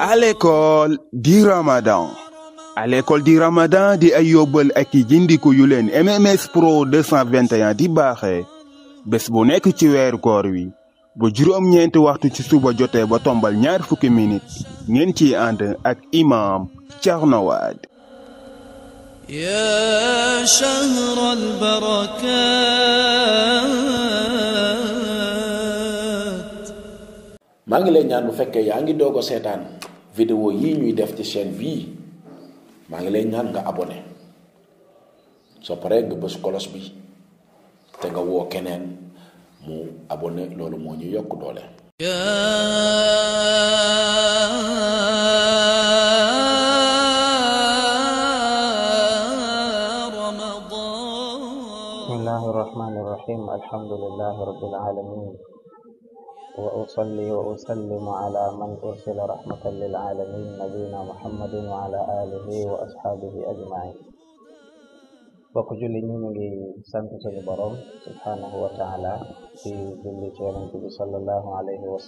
à l'école du Ramadan à di du Ramadan di ay yóbbal ak i jindiku yu leen MMS Pro 221 di baaxee bés bu nekk ci weeru koor wi ba juróom-ñeenti waxtu ci suba jotee ba tombal ñaar fukki minit ngeen ci ànd ak imaam Thierno Wade yaa shahral barakaat maa ngi lay ñaan bu fekkee yaa ngi doog a seetaan vidéo yii ñuy def ci chaîne bii maa ngi lay ñaan nga abonné soo paree nga bës kolos bi te nga woo keneen mu abone lolu mo ñu yok doole بسم الله الرحمن الرحيم الحمد لله رب العالمين وأصلي وأسلم على من أرسل رحمة للعالمين نبينا محمد وعلى آله وأصحابه أجمعين bokk julli ñi ñu ngi sant suñu borom subhanahu wa taala julli ci yonente bi sallallahu alayhi wa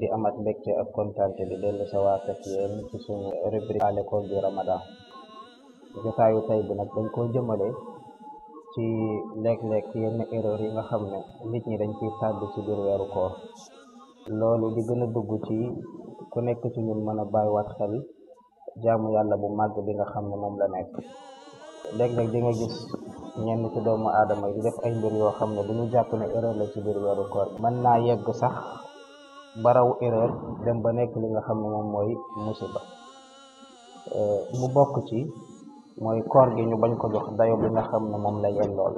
di amat mbégte ak kontante di dellu sa waat ak yéen ci suñu rubrique à l'école du ramadan jotaayu tey bi nag dañ koo jëmale ci léeg-léeg yenn erreur yi nga xam ne nit ñi dañ ciy tàbbi ci biir weeru koor loolu di gën a dugg ci ku nekk ci ñun mën a bàyyiwaat xel jaamu yàlla bu màgg bi nga xam ne moom la nekk léeg-léeg di nga gis ñenn ci doomu aadama yi di def ay mbir yoo xam ne du ñu jàpp ne erreur la ci biir weeru bi mën naa yegg sax baraw erreur dem ba nekk li nga xam ne moom mooy musiba euh, mu bokk ci mooy koor gi ñu bañ ko jox dayo bi nga xam ne moom la yel lool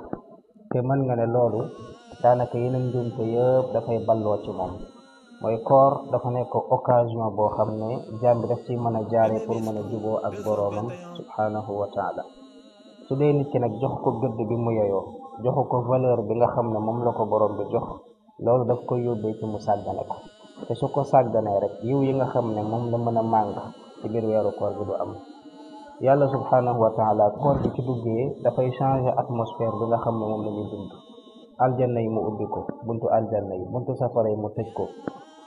te mën nga ne loolu daanaka yeneen njuumte yëpp dafay balloo ci moom mooy koor dafa nekk occasion boo xam ne jaam bi daf ci mën a jaare pour mën a juboo ak boroomam subhanahu wa taala lu dee nit ki nag jox ko gëdd bi mu yoyoo joxu ko valeur bi nga xam ne moom la ko borom bi jox loolu daf koy yóbbee ci mu sàggane ko te su ko sàgganee rek yiw yi nga xam ne moom la mën a màng ci biir weeru bi du am yàlla subhanahu wa taala koor bi ci duggee dafay changer atmosphère bi nga xam ne moom la ñuy dund aljanna yi mu ubbi ko buntu aljanna yi buntu safara yi mu tëj ko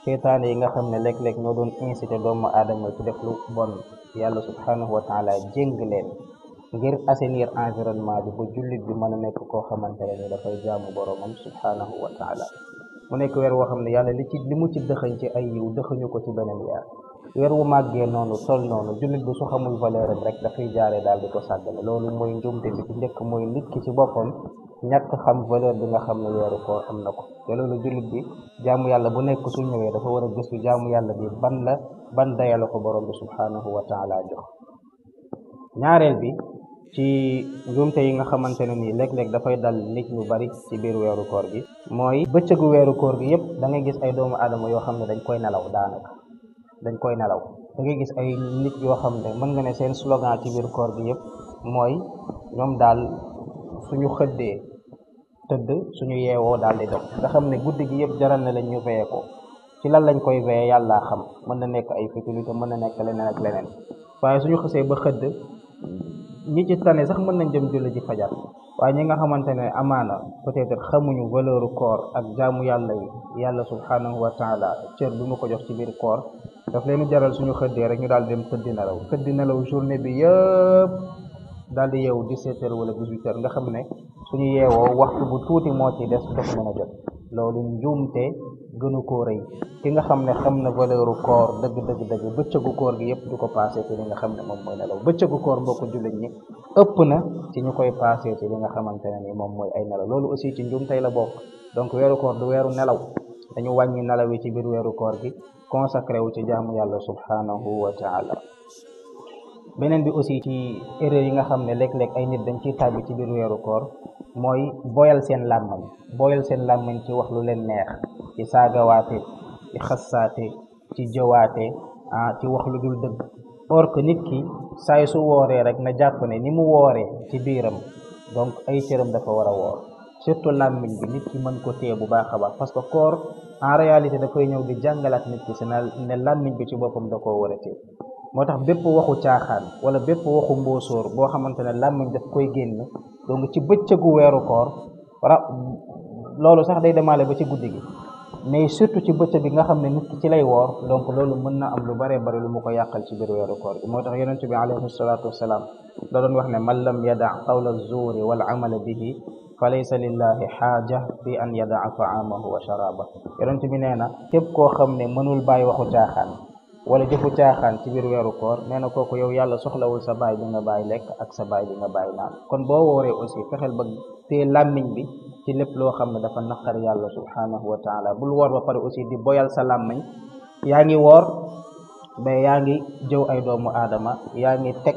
seytaane yi nga xam ne léeg-léeg ñoo doon incité doomu aadama ci def lu bon yàlla subhanahu wa taala jéng leen ngir assainir environnement bi ba jullit bi mën a nekk koo xamante ne ni dafay jaamu boromam subhanahu wa taala mu nekk weer woo xam ne yàlla li ci li mu ci dëxañ ci ay yiw dëxañu ko ci beneen weer weer wu màggee noonu tol noonu jullit bi su xamul valeur am rek dafay jaaree daal di ko sàggale loolu mooy njuumte bi ci njëkk mooy nit ki ci boppam ñàkk xam valeur bi nga xam ne weeru koor am na ko te loolu jullit bi jaamu yàlla bu nekk su ñëwee dafa war a gëstu jaamu yàlla bi ban la ban dayala ko borom bi subhanahu wa taala jox ñaareel bi ci njuumte yi nga xamante ne nii léeg-léeg dafay dal nit ñu bari ci biir weeru koor gi mooy bëccëgu weeru koor gi yëpp da gis ay doomu aadama yoo xam ne dañ koy nelaw daanaka dañ koy nelaw da ngay gis ay nit yoo xam ne mën nga ne seen slogan biir koor gi yëpp mooy ñoom daal suñu xëddee tëdd suñu yeewoo daal di dog nga xam ne guddi gi yëpp jaral na lañ ñu veye ko ci lan lañ koy veye yàlla xam mën na nekk ay futilité mën na nekk leneen ak leneen waaye suñu xësee ba xëdd ñi ci tane sax mën nañ dem julli ji fajar waaye ñi nga xamante ne amaana peut xamuñu valeur koor ak jaamu yàlla yi yàlla subhanahu wa taala cër bi mu ko jox ci biir koor daf leen jaral suñu xëddee rek ñu daal dem tëddi nelaw tëddi nelaw journée bi yëpp daal di yeewu 17 heures wala 18 heures nga xam ne suñu yeewoo waxtu bu tuuti moo ci des daf mën a jot loolu njuumte gënu koo rëy ki nga xam ne xam na valeuru koor dëgg dëgg dëgg bëccëgu koor gi yëpp du ko passé ci li nga xam ne moom mooy nelaw bëccëgu koor mbokk jullit ñi ëpp na ci ñu koy passé ci li nga xamante ne ni moom mooy ay nelaw loolu aussi ci njuumtey la bokk donc weeru koor du weeru nelaw dañu wàññi nelaw yi ci biir weeru koor gi consacré wu ci jaamu yàlla subhanahu wa taala beneen bi aussi ci erreur yi nga xam ne léeg-léeg ay nit dañ ciy tàbbi ci biir weeru koor mooy boyal seen làmmañ boyal seen làmmañ ci wax lu leen neex ci saagawaate ci xassaate ci jëwaate ah ci wax lu dul dëgg or que nit ki saay su wooree rek na jàpp ne ni mu wooree ci biiram donc ay cëram dafa war a woor surtout làmmiñ bi nit ki mën ko téye bu baax a baax parce que koor en réalité dafay ñëw di jàngalaat nit ki si na ne làmmiñ bi ci boppam da koo war a moo tax bépp waxu caaxaan wala bépp waxu mbóosóor boo xamante ne làmmiñ daf koy génn donc ci bëccëgu weeru koor ra loolu sax day demale ba ci guddi gi mais surtout ci bëccëg bi nga xam ne nit ci lay woor donc loolu mën na am lu bare bare lu mu ko yàqal ci biir weeru koor gi moo tax yonent bi alayhi salatu wasalaam da doon wax ne man lam yada qawla zuuri wal amala bihi fa laysa lillahi xaaja fi an yadaa taamahu wa sharaaba yonent bi nee na képp koo xam ne mënul bàyyi waxu caaxaan wala jëfu caaxaan ci biir weeru koor nee na kooku yow yàlla soxlawul sa baay bi nga bàyyi lekk ak sa baay bi nga bàyyi naan kon boo wooree aussi fexeel ba tee làmmiñ bi ci lépp loo xam ne dafa naqar yàlla subhanahu wa taala bul woor ba pare aussi di boyal sa làmmiñ yaa ngi woor mais yaa ngi jëw ay doomu aadama yaa ngi teg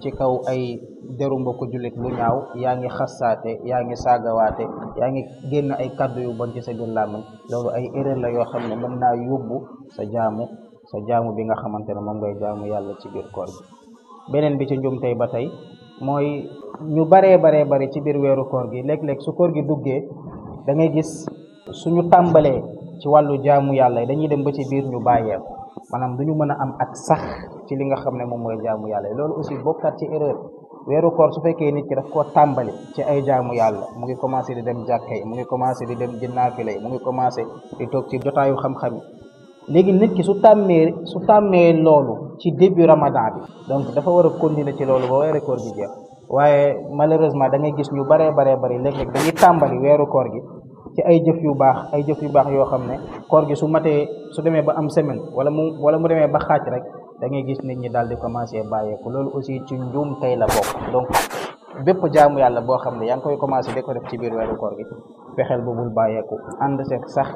ci kaw ay deru mbokku jullit lu ñaaw yaa ngi xassaate yaa ngi saagawaate yaa ngi génn ay kàddu yu bon ci sa biir làmmiñ loolu ay erreur la yoo xam ne mën naa yóbbu sa jaamu sa jaamu bi nga xamante ne moom ngay jaamu yàlla ci biir koor gi beneen bi ci njumtey ba tey mooy ñu baree baree bari ci biir weeru koor gi lekk léeg su koor gi duggee da ngay gis suñu tàmbalee ci wàllu jaamu yàlla dañuy dem ba ci biir ñu bàyyee ko maanaam du ñu mën a am ak sax ci li nga xam ne moom mooy jaamu yàlla loolu aussi bokkaat ci erreur weeru koor su fekkee nit ki daf koo tàmbali ci ay jaamu yàlla mu ngi commencé di dem jàkka yi mu ngi commencé di dem jinnaafila yi mu ngi commencé di toog ci jotaayu xam-xam yi léegi nit ki su tàmmee su tàmmee loolu ci début ramadan bi donc dafa war a continuer ci loolu ba weeru koor gi jeex waaye malheureusement da ngay gis ñu baree baree bari léeg-léeg dañuy tàmbali weeru koor gi ci ay jëf yu baax ay jëf yu baax yoo xam ne coor gi su matee su demee ba am semaine wala mu wala mu demee ba xaaj rek da ngay gis nit ñi daal di commencer bàyyeeku loolu aussi ci njuum tey la bokk donc bepp jaamu yalla bo xamne yang koy commencé di def ci biir wéru koor gi fexel bu bul bàyyeeku ànd seeg sax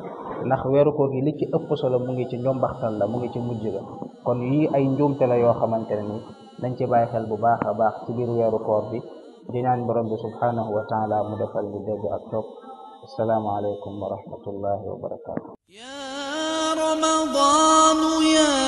ndax wéru koor gi li ci ëpp solo mu ngi ci njombaxtal la mu ngi ci mujj la kon yi ay la yo xamantene ni dañ ci baye xel bu baaxa baax ci biir wéru koor bi di ñaan borom bi subhanahu wa taala mu defal li dégg ak assalamu alaykum wa rahmatullahi wa barakatuh ya ramadan ya